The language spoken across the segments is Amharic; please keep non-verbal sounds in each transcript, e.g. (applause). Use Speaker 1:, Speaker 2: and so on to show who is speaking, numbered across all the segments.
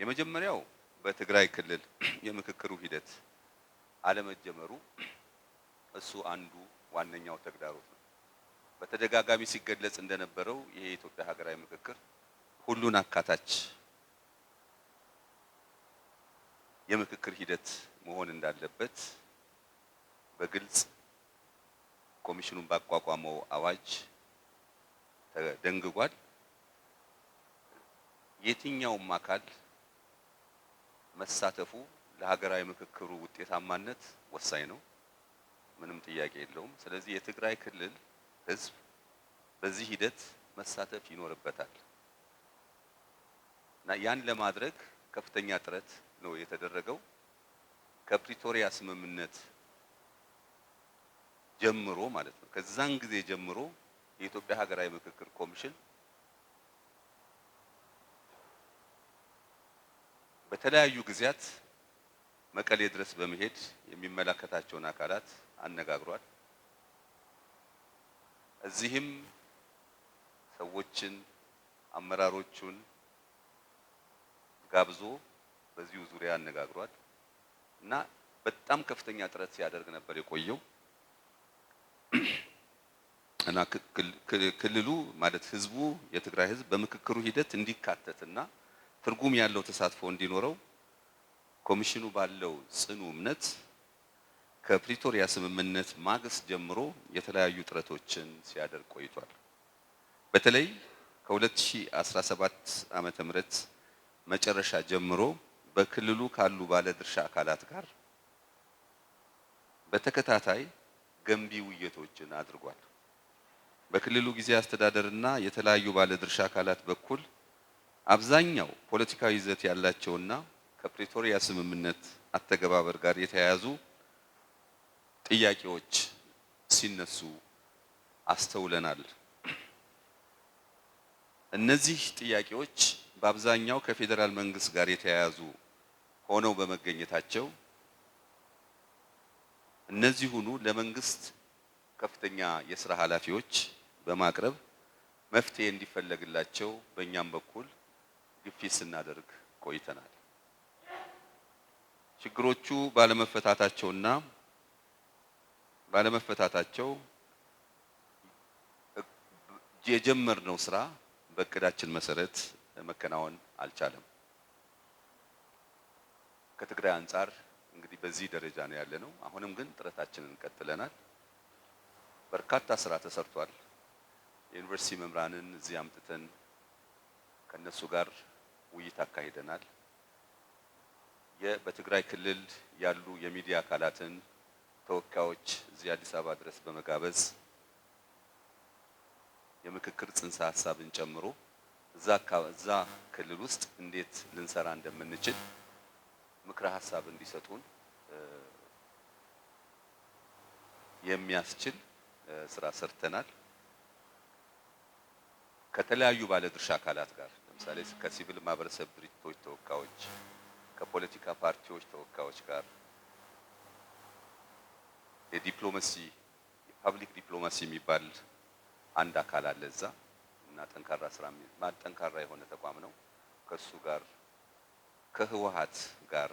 Speaker 1: የመጀመሪያው በትግራይ ክልል (clears throat) የምክክሩ ሂደት አለመጀመሩ እሱ አንዱ ዋነኛው ተግዳሮት ነው። በተደጋጋሚ ሲገለጽ እንደነበረው ይሄ የኢትዮጵያ ሀገራዊ ምክክር ሁሉን አካታች የምክክር ሂደት መሆን እንዳለበት በግልጽ ኮሚሽኑን ባቋቋመው አዋጅ ተደንግጓል። የትኛውም አካል መሳተፉ ለሀገራዊ ምክክሩ ውጤታማነት ወሳኝ ነው፣ ምንም ጥያቄ የለውም። ስለዚህ የትግራይ ክልል ህዝብ በዚህ ሂደት መሳተፍ ይኖርበታል እና ያን ለማድረግ ከፍተኛ ጥረት ነው የተደረገው። ከፕሪቶሪያ ስምምነት ጀምሮ ማለት ነው ከዛን ጊዜ ጀምሮ የኢትዮጵያ ሀገራዊ ምክክር ኮሚሽን በተለያዩ ጊዜያት መቀሌ ድረስ በመሄድ የሚመለከታቸውን አካላት አነጋግሯል። እዚህም ሰዎችን፣ አመራሮቹን ጋብዞ በዚሁ ዙሪያ አነጋግሯል እና በጣም ከፍተኛ ጥረት ሲያደርግ ነበር የቆየው እና ክልሉ ማለት ህዝቡ የትግራይ ህዝብ በምክክሩ ሂደት እንዲካተትና ትርጉም ያለው ተሳትፎ እንዲኖረው ኮሚሽኑ ባለው ጽኑ እምነት ከፕሪቶሪያ ስምምነት ማግስት ጀምሮ የተለያዩ ጥረቶችን ሲያደርግ ቆይቷል። በተለይ ከ2017 ዓመተ ምህረት መጨረሻ ጀምሮ በክልሉ ካሉ ባለድርሻ አካላት ጋር በተከታታይ ገንቢ ውይይቶችን አድርጓል። በክልሉ ጊዜ አስተዳደርና የተለያዩ ባለድርሻ አካላት በኩል አብዛኛው ፖለቲካዊ ይዘት ያላቸውና ከፕሪቶሪያ ስምምነት አተገባበር ጋር የተያያዙ ጥያቄዎች ሲነሱ አስተውለናል። እነዚህ ጥያቄዎች በአብዛኛው ከፌዴራል መንግስት ጋር የተያያዙ ሆነው በመገኘታቸው እነዚህ ለመንግስት ከፍተኛ የስራ ኃላፊዎች በማቅረብ መፍትሄ እንዲፈለግላቸው በእኛም በኩል ግፊት ስናደርግ ቆይተናል። ችግሮቹ ባለመፈታታቸውና ባለመፈታታቸው የጀመርነው ስራ በእቅዳችን መሰረት መከናወን አልቻለም። ከትግራይ አንጻር እንግዲህ በዚህ ደረጃ ነው ያለነው። አሁንም ግን ጥረታችንን ቀጥለናል። በርካታ ስራ ተሰርቷል። የዩኒቨርሲቲ መምህራንን እዚህ አምጥተን ከነሱ ጋር ውይይት አካሂደናል። በትግራይ ክልል ያሉ የሚዲያ አካላትን ተወካዮች እዚህ አዲስ አበባ ድረስ በመጋበዝ የምክክር ጽንሰ ሀሳብን ጨምሮ እዛ ክልል ውስጥ እንዴት ልንሰራ እንደምንችል ምክረ ሀሳብ እንዲሰጡን የሚያስችል ስራ ሰርተናል። ከተለያዩ ባለድርሻ አካላት ጋር ለምሳሌ ከሲቪል ማህበረሰብ ድርጅቶች ተወካዮች፣ ከፖለቲካ ፓርቲዎች ተወካዮች ጋር የዲፕሎማሲ የፐብሊክ ዲፕሎማሲ የሚባል አንድ አካል አለ እዛ እና ጠንካራ ስራ ጠንካራ የሆነ ተቋም ነው። ከሱ ጋር ከህወሀት ጋር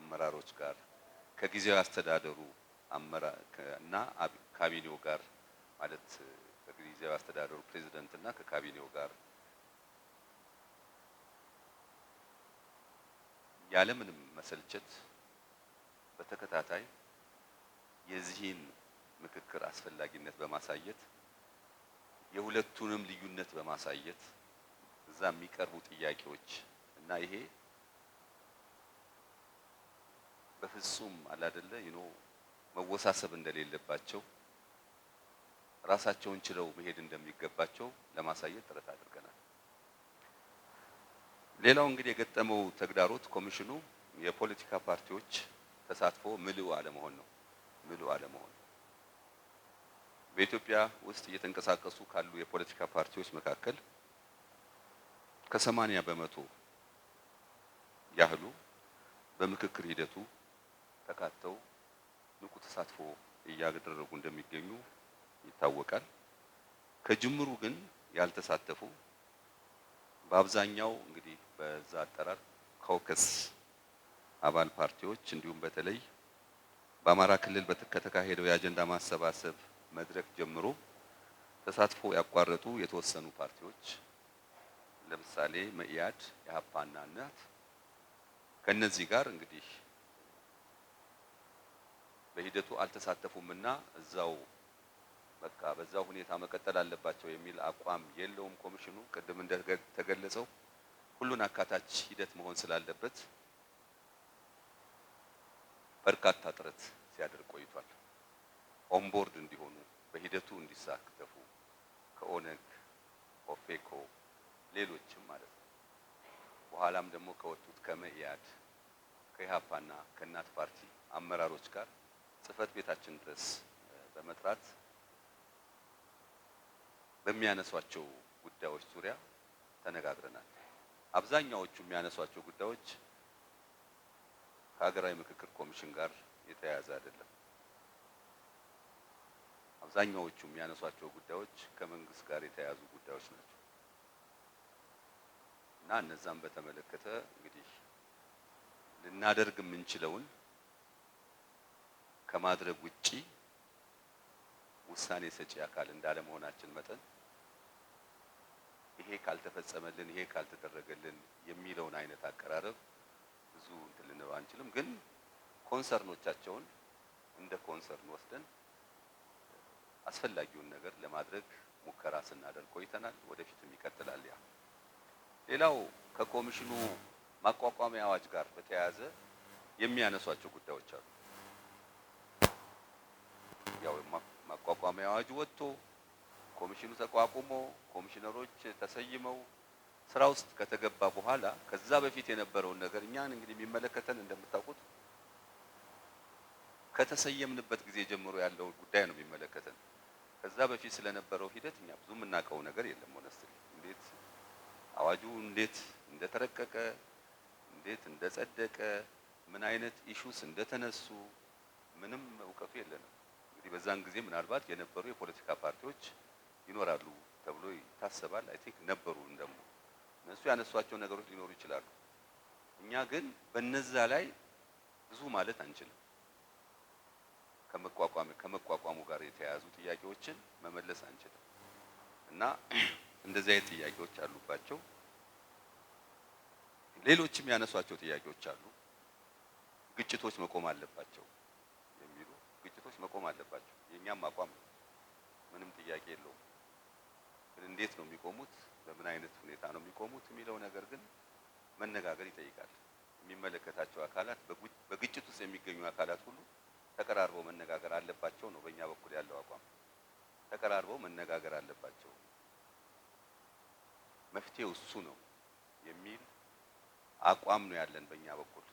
Speaker 1: አመራሮች ጋር ከጊዜያዊ አስተዳደሩ እና ካቢኔው ጋር ማለት ከጊዜያዊ አስተዳደሩ ፕሬዚደንት እና ከካቢኔው ጋር ያለምንም መሰልቸት በተከታታይ የዚህን ምክክር አስፈላጊነት በማሳየት የሁለቱንም ልዩነት በማሳየት እዛ የሚቀርቡ ጥያቄዎች እና ይሄ በፍጹም አላደለ ይኖ መወሳሰብ እንደሌለባቸው ራሳቸውን ችለው መሄድ እንደሚገባቸው ለማሳየት ጥረት አድርገናል። ሌላው እንግዲህ የገጠመው ተግዳሮት ኮሚሽኑ የፖለቲካ ፓርቲዎች ተሳትፎ ምልው አለመሆን ነው። ምልው አለመሆን በኢትዮጵያ ውስጥ እየተንቀሳቀሱ ካሉ የፖለቲካ ፓርቲዎች መካከል ከሰማንያ በመቶ ያህሉ በምክክር ሂደቱ ተካተው ንቁ ተሳትፎ እያደረጉ እንደሚገኙ ይታወቃል። ከጅምሩ ግን ያልተሳተፉ በአብዛኛው እንግዲህ በዛ አጠራር ኮከስ አባል ፓርቲዎች እንዲሁም በተለይ በአማራ ክልል ከተካሄደው የአጀንዳ ማሰባሰብ መድረክ ጀምሮ ተሳትፎ ያቋረጡ የተወሰኑ ፓርቲዎች ለምሳሌ መኢአድ፣ ኢህአፓና እናት ከነዚህ ጋር እንግዲህ በሂደቱ አልተሳተፉምና እዛው በቃ በዛ ሁኔታ መቀጠል አለባቸው የሚል አቋም የለውም ኮሚሽኑ። ቅድም እንደተገለጸው ሁሉን አካታች ሂደት መሆን ስላለበት በርካታ ጥረት ሲያደርግ ቆይቷል። ኦንቦርድ እንዲሆኑ በሂደቱ እንዲሳተፉ ከኦነግ ኦፌኮ፣ ሌሎችም ማለት ነው። በኋላም ደግሞ ከወጡት ከመኢአድ ከኢሃፓና ከእናት ፓርቲ አመራሮች ጋር ጽህፈት ቤታችን ድረስ በመጥራት በሚያነሷቸው ጉዳዮች ዙሪያ ተነጋግረናል። አብዛኛዎቹ የሚያነሷቸው ጉዳዮች ከሀገራዊ ምክክር ኮሚሽን ጋር የተያያዘ አይደለም። አብዛኛዎቹ የሚያነሷቸው ጉዳዮች ከመንግስት ጋር የተያያዙ ጉዳዮች ናቸው እና እነዛም በተመለከተ እንግዲህ ልናደርግ የምንችለውን ከማድረግ ውጪ ውሳኔ ሰጪ አካል እንዳለመሆናችን መጠን ይሄ ካልተፈጸመልን ይሄ ካልተደረገልን የሚለውን አይነት አቀራረብ ብዙ እንትን ልንለው አንችልም። ግን ኮንሰርኖቻቸውን እንደ ኮንሰርን ወስደን አስፈላጊውን ነገር ለማድረግ ሙከራ ስናደርግ ቆይተናል። ወደፊትም ይቀጥላል። ያ ሌላው ከኮሚሽኑ ማቋቋሚያ አዋጅ ጋር በተያያዘ የሚያነሷቸው ጉዳዮች አሉ። ያው ማቋቋሚያ አዋጅ ወጥቶ ኮሚሽኑ ተቋቁሞ ኮሚሽነሮች ተሰይመው ስራ ውስጥ ከተገባ በኋላ ከዛ በፊት የነበረውን ነገር እኛን እንግዲህ የሚመለከተን እንደምታውቁት ከተሰየምንበት ጊዜ ጀምሮ ያለውን ጉዳይ ነው የሚመለከተን። ከዛ በፊት ስለነበረው ሂደት እኛ ብዙ የምናውቀው ነገር የለም። ሆነስትሊ እንዴት አዋጁ እንዴት እንደተረቀቀ፣ እንዴት እንደጸደቀ፣ ምን አይነት ኢሹስ እንደተነሱ ምንም እውቀቱ የለንም። እንግዲህ በዛን ጊዜ ምናልባት የነበሩ የፖለቲካ ፓርቲዎች ይኖራሉ ተብሎ ይታሰባል። አይ ቲንክ ነበሩ ደግሞ እነሱ ያነሷቸው ነገሮች ሊኖሩ ይችላሉ። እኛ ግን በነዛ ላይ ብዙ ማለት አንችልም። ከመቋቋም ከመቋቋሙ ጋር የተያያዙ ጥያቄዎችን መመለስ አንችልም እና እንደዚህ አይነት ጥያቄዎች አሉባቸው። ሌሎችም ያነሷቸው ጥያቄዎች አሉ። ግጭቶች መቆም አለባቸው የሚሉ ግጭቶች መቆም አለባቸው የእኛም አቋም ምንም ጥያቄ የለውም። እንዴት ነው የሚቆሙት፣ በምን አይነት ሁኔታ ነው የሚቆሙት የሚለው ነገር ግን መነጋገር ይጠይቃል። የሚመለከታቸው አካላት በግጭት ውስጥ የሚገኙ አካላት ሁሉ ተቀራርበው መነጋገር አለባቸው ነው በእኛ በኩል ያለው አቋም። ተቀራርበው መነጋገር አለባቸው፣ መፍትሄው እሱ ነው የሚል አቋም ነው ያለን በእኛ በኩል።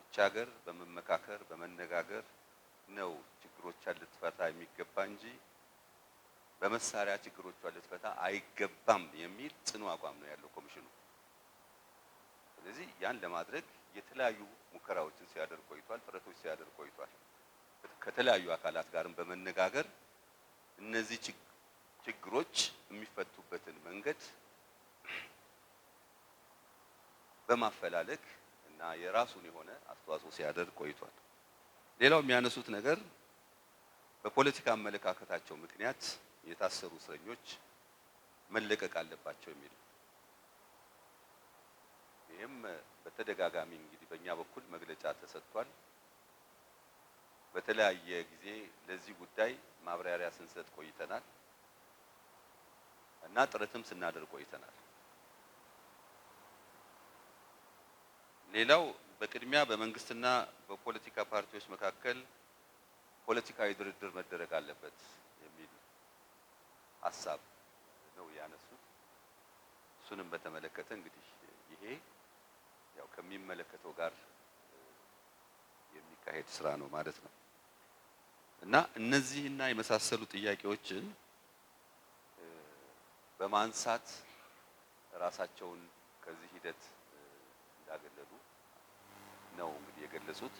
Speaker 1: ብቻ ሀገር በመመካከር በመነጋገር ነው ችግሮቿን ልትፈታ የሚገባ እንጂ በመሳሪያ ችግሮቿን ልትፈታ አይገባም የሚል ጽኑ አቋም ነው ያለው ኮሚሽኑ። ስለዚህ ያን ለማድረግ የተለያዩ ሙከራዎችን ሲያደርግ ቆይቷል፣ ጥረቶች ሲያደርግ ቆይቷል። ከተለያዩ አካላት ጋርም በመነጋገር እነዚህ ችግሮች የሚፈቱበትን መንገድ በማፈላለግ እና የራሱን የሆነ አስተዋጽኦ ሲያደርግ ቆይቷል። ሌላው የሚያነሱት ነገር በፖለቲካ አመለካከታቸው ምክንያት የታሰሩ እስረኞች መለቀቅ አለባቸው የሚል ይህም በተደጋጋሚ እንግዲህ በእኛ በኩል መግለጫ ተሰጥቷል። በተለያየ ጊዜ ለዚህ ጉዳይ ማብራሪያ ስንሰጥ ቆይተናል እና ጥረትም ስናደርግ ቆይተናል። ሌላው በቅድሚያ በመንግስትና በፖለቲካ ፓርቲዎች መካከል ፖለቲካዊ ድርድር መደረግ አለበት። ሀሳብ ነው ያነሱት። እሱንም በተመለከተ እንግዲህ ይሄ ያው ከሚመለከተው ጋር የሚካሄድ ስራ ነው ማለት ነው እና እነዚህና የመሳሰሉ ጥያቄዎችን በማንሳት ራሳቸውን ከዚህ ሂደት እንዳገለሉ ነው እንግዲህ የገለጹት።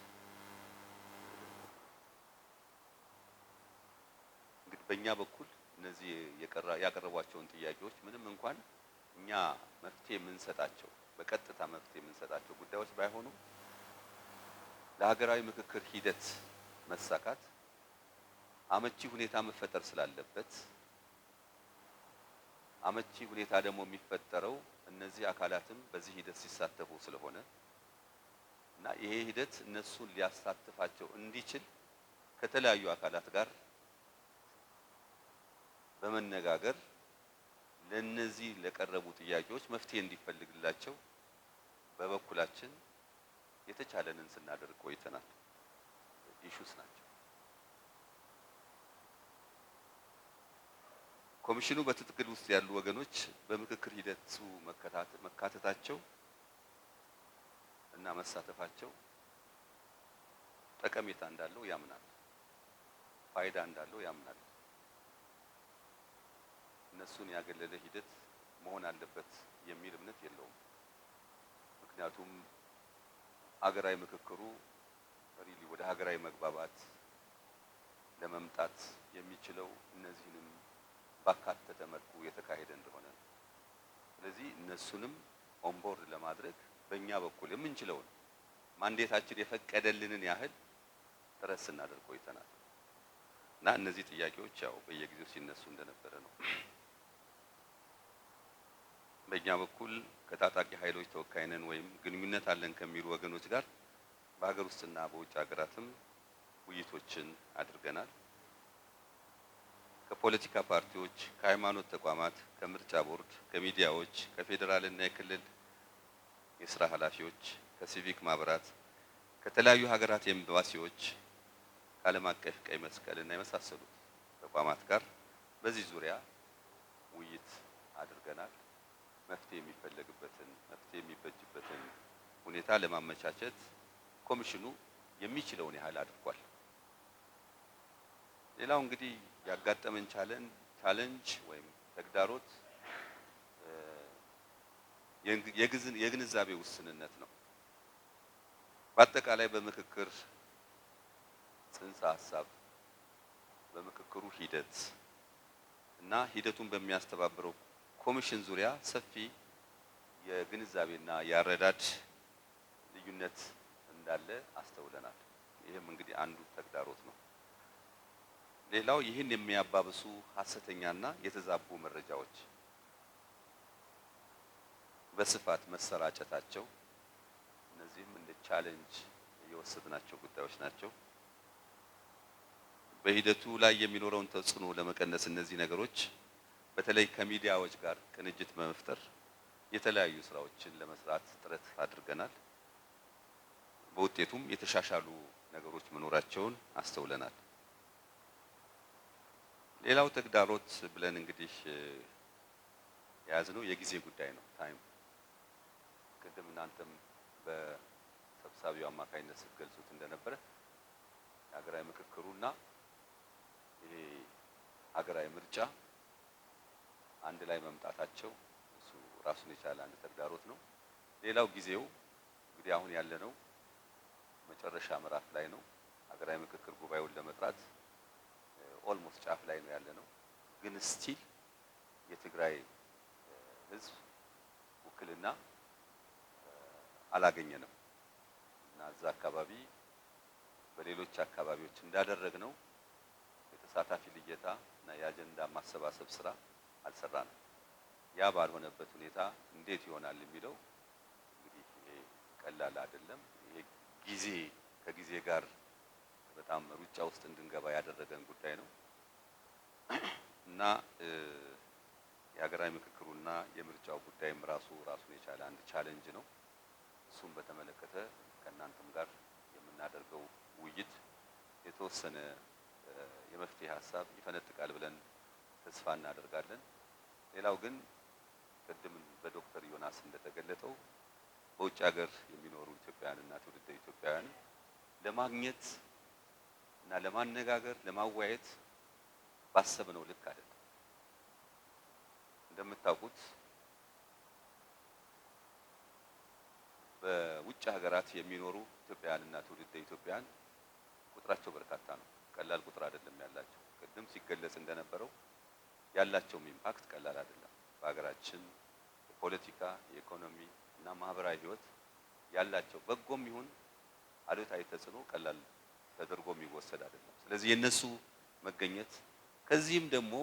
Speaker 1: እንግዲህ በእኛ በኩል እነዚህ ያቀረቧቸውን ጥያቄዎች ምንም እንኳን እኛ መፍትሄ የምንሰጣቸው በቀጥታ መፍትሄ የምንሰጣቸው ጉዳዮች ባይሆኑ ለሀገራዊ ምክክር ሂደት መሳካት አመቺ ሁኔታ መፈጠር ስላለበት አመቺ ሁኔታ ደግሞ የሚፈጠረው እነዚህ አካላትም በዚህ ሂደት ሲሳተፉ ስለሆነ እና ይሄ ሂደት እነሱን ሊያሳትፋቸው እንዲችል ከተለያዩ አካላት ጋር በመነጋገር ለነዚህ ለቀረቡ ጥያቄዎች መፍትሄ እንዲፈልግላቸው በበኩላችን የተቻለንን ስናደርግ ቆይተናል። ኢሹስ ናቸው። ኮሚሽኑ በትግል ውስጥ ያሉ ወገኖች በምክክር ሂደቱ መካተታቸው እና መሳተፋቸው ጠቀሜታ እንዳለው ያምናል። ፋይዳ እንዳለው ያምናል። እነሱን ያገለለ ሂደት መሆን አለበት የሚል እምነት የለውም። ምክንያቱም ሀገራዊ ምክክሩ ሪሊ ወደ ሀገራዊ መግባባት ለመምጣት የሚችለው እነዚህንም ባካተተ መልኩ የተካሄደ እንደሆነ ነው። ስለዚህ እነሱንም ኦንቦርድ ለማድረግ በእኛ በኩል የምንችለውን ማንዴታችን የፈቀደልንን ያህል ጥረት ስናደርግ ቆይተናል እና እነዚህ ጥያቄዎች ያው በየጊዜው ሲነሱ እንደነበረ ነው። በእኛ በኩል ከታጣቂ ኃይሎች ተወካይ ነን ወይም ግንኙነት አለን ከሚሉ ወገኖች ጋር በሀገር ውስጥና በውጭ ሀገራትም ውይይቶችን አድርገናል። ከፖለቲካ ፓርቲዎች፣ ከሃይማኖት ተቋማት፣ ከምርጫ ቦርድ፣ ከሚዲያዎች፣ ከፌዴራልና የክልል የስራ ኃላፊዎች፣ ከሲቪክ ማህበራት፣ ከተለያዩ ሀገራት ኤምባሲዎች፣ ከዓለም አቀፍ ቀይ መስቀልና የመሳሰሉት ተቋማት ጋር በዚህ ዙሪያ ውይይት አድርገናል። መፍትሄ የሚፈለግበትን መፍትሄ የሚበጅበትን ሁኔታ ለማመቻቸት ኮሚሽኑ የሚችለውን ያህል አድርጓል። ሌላው እንግዲህ ያጋጠመን ቻለንጅ ወይም ተግዳሮት የግንዛቤ ውስንነት ነው። በአጠቃላይ በምክክር ጽንሰ ሀሳብ በምክክሩ ሂደት እና ሂደቱን በሚያስተባብረው ኮሚሽን ዙሪያ ሰፊ የግንዛቤና የአረዳድ ልዩነት እንዳለ አስተውለናል። ይህም እንግዲህ አንዱ ተግዳሮት ነው። ሌላው ይህን የሚያባብሱ ሀሰተኛና የተዛቡ መረጃዎች በስፋት መሰራጨታቸው እነዚህም እንደ ቻሌንጅ የወሰድናቸው ጉዳዮች ናቸው። በሂደቱ ላይ የሚኖረውን ተጽዕኖ ለመቀነስ እነዚህ ነገሮች በተለይ ከሚዲያዎች ጋር ቅንጅት በመፍጠር የተለያዩ ስራዎችን ለመስራት ጥረት አድርገናል። በውጤቱም የተሻሻሉ ነገሮች መኖራቸውን አስተውለናል። ሌላው ተግዳሮት ብለን እንግዲህ የያዝነው የጊዜ ጉዳይ ነው። ታይም ቅድም እናንተም በሰብሳቢው አማካኝነት ስትገልጹት እንደነበረ የሀገራዊ ምክክሩና ይሄ ሀገራዊ ምርጫ አንድ ላይ መምጣታቸው እሱ ራሱን የቻለ አንድ ተግዳሮት ነው። ሌላው ጊዜው እንግዲህ አሁን ያለነው መጨረሻ ምዕራፍ ላይ ነው። ሀገራዊ ምክክር ጉባኤውን ለመጥራት ኦልሞስት ጫፍ ላይ ነው ያለነው። ግን ስቲል የትግራይ ህዝብ ውክልና አላገኘንም እና እዛ አካባቢ በሌሎች አካባቢዎች እንዳደረግ ነው የተሳታፊ ልየታ እና የአጀንዳ ማሰባሰብ ስራ አልሰራንም። ያ ባልሆነበት ሁኔታ እንዴት ይሆናል የሚለው እንግዲህ ይሄ ቀላል አይደለም። ይሄ ጊዜ ከጊዜ ጋር በጣም ሩጫ ውስጥ እንድንገባ ያደረገን ጉዳይ ነው እና የሀገራዊ ምክክሩና የምርጫው ጉዳይም ራሱ ራሱን የቻለ አንድ ቻለንጅ ነው። እሱም በተመለከተ ከእናንተም ጋር የምናደርገው ውይይት የተወሰነ የመፍትሄ ሀሳብ ይፈነጥቃል ብለን ተስፋ እናደርጋለን። ሌላው ግን ቅድም በዶክተር ዮናስ እንደተገለጠው በውጭ ሀገር የሚኖሩ ኢትዮጵያውያንና ትውልደ ኢትዮጵያውያን ለማግኘት እና ለማነጋገር ለማወያየት ባሰብነው ልክ አይደለም። እንደምታውቁት በውጭ ሀገራት የሚኖሩ ኢትዮጵያውያንና ትውልደ ኢትዮጵያውያን ቁጥራቸው በርካታ ነው። ቀላል ቁጥር አይደለም ያላቸው። ቅድም ሲገለጽ እንደነበረው ያላቸውም ኢምፓክት ቀላል አይደለም። በሀገራችን የፖለቲካ የኢኮኖሚ እና ማህበራዊ ህይወት ያላቸው በጎም ይሁን አሉታዊ ተጽዕኖ ቀላል ተደርጎ የሚወሰድ አይደለም። ስለዚህ የነሱ መገኘት ከዚህም ደግሞ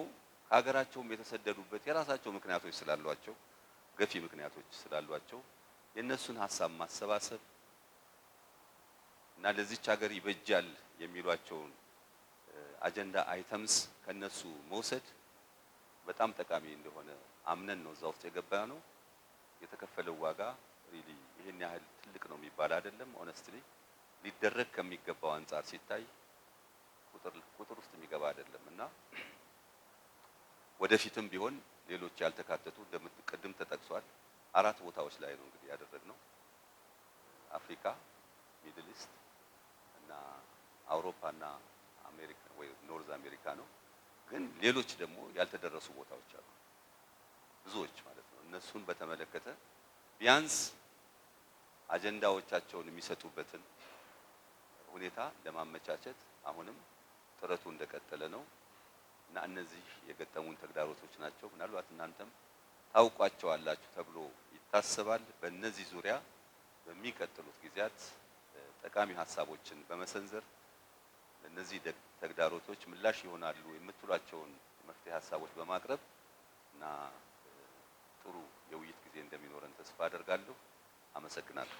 Speaker 1: ከሀገራቸውም የተሰደዱበት የራሳቸው ምክንያቶች ስላሏቸው ገፊ ምክንያቶች ስላሏቸው የእነሱን ሀሳብ ማሰባሰብ እና ለዚች ሀገር ይበጃል የሚሏቸውን አጀንዳ አይተምስ ከነሱ መውሰድ በጣም ጠቃሚ እንደሆነ አምነን ነው እዛ ውስጥ የገባ ነው። የተከፈለው ዋጋ ሪሊ ይሄን ያህል ትልቅ ነው የሚባል አይደለም። ኦነስትሊ ሊደረግ ከሚገባው አንጻር ሲታይ ቁጥር ውስጥ የሚገባ አይደለም እና ወደፊትም ቢሆን ሌሎች ያልተካተቱ ቅድም ተጠቅሷል። አራት ቦታዎች ላይ ነው እንግዲህ ያደረግነው አፍሪካ፣ ሚድል ኢስት እና አውሮፓና አሜሪካ ወይ ኖርዝ አሜሪካ ነው። ግን ሌሎች ደግሞ ያልተደረሱ ቦታዎች አሉ፣ ብዙዎች ማለት ነው። እነሱን በተመለከተ ቢያንስ አጀንዳዎቻቸውን የሚሰጡበትን ሁኔታ ለማመቻቸት አሁንም ጥረቱ እንደቀጠለ ነው እና እነዚህ የገጠሙን ተግዳሮቶች ናቸው። ምናልባት እናንተም ታውቋቸዋላችሁ ተብሎ ይታሰባል። በእነዚህ ዙሪያ በሚቀጥሉት ጊዜያት ጠቃሚ ሀሳቦችን በመሰንዘር ለእነዚህ ተግዳሮቶች ምላሽ ይሆናሉ የምትሏቸውን መፍትሄ ሀሳቦች በማቅረብ እና ጥሩ የውይይት ጊዜ እንደሚኖረን ተስፋ አደርጋለሁ። አመሰግናለሁ።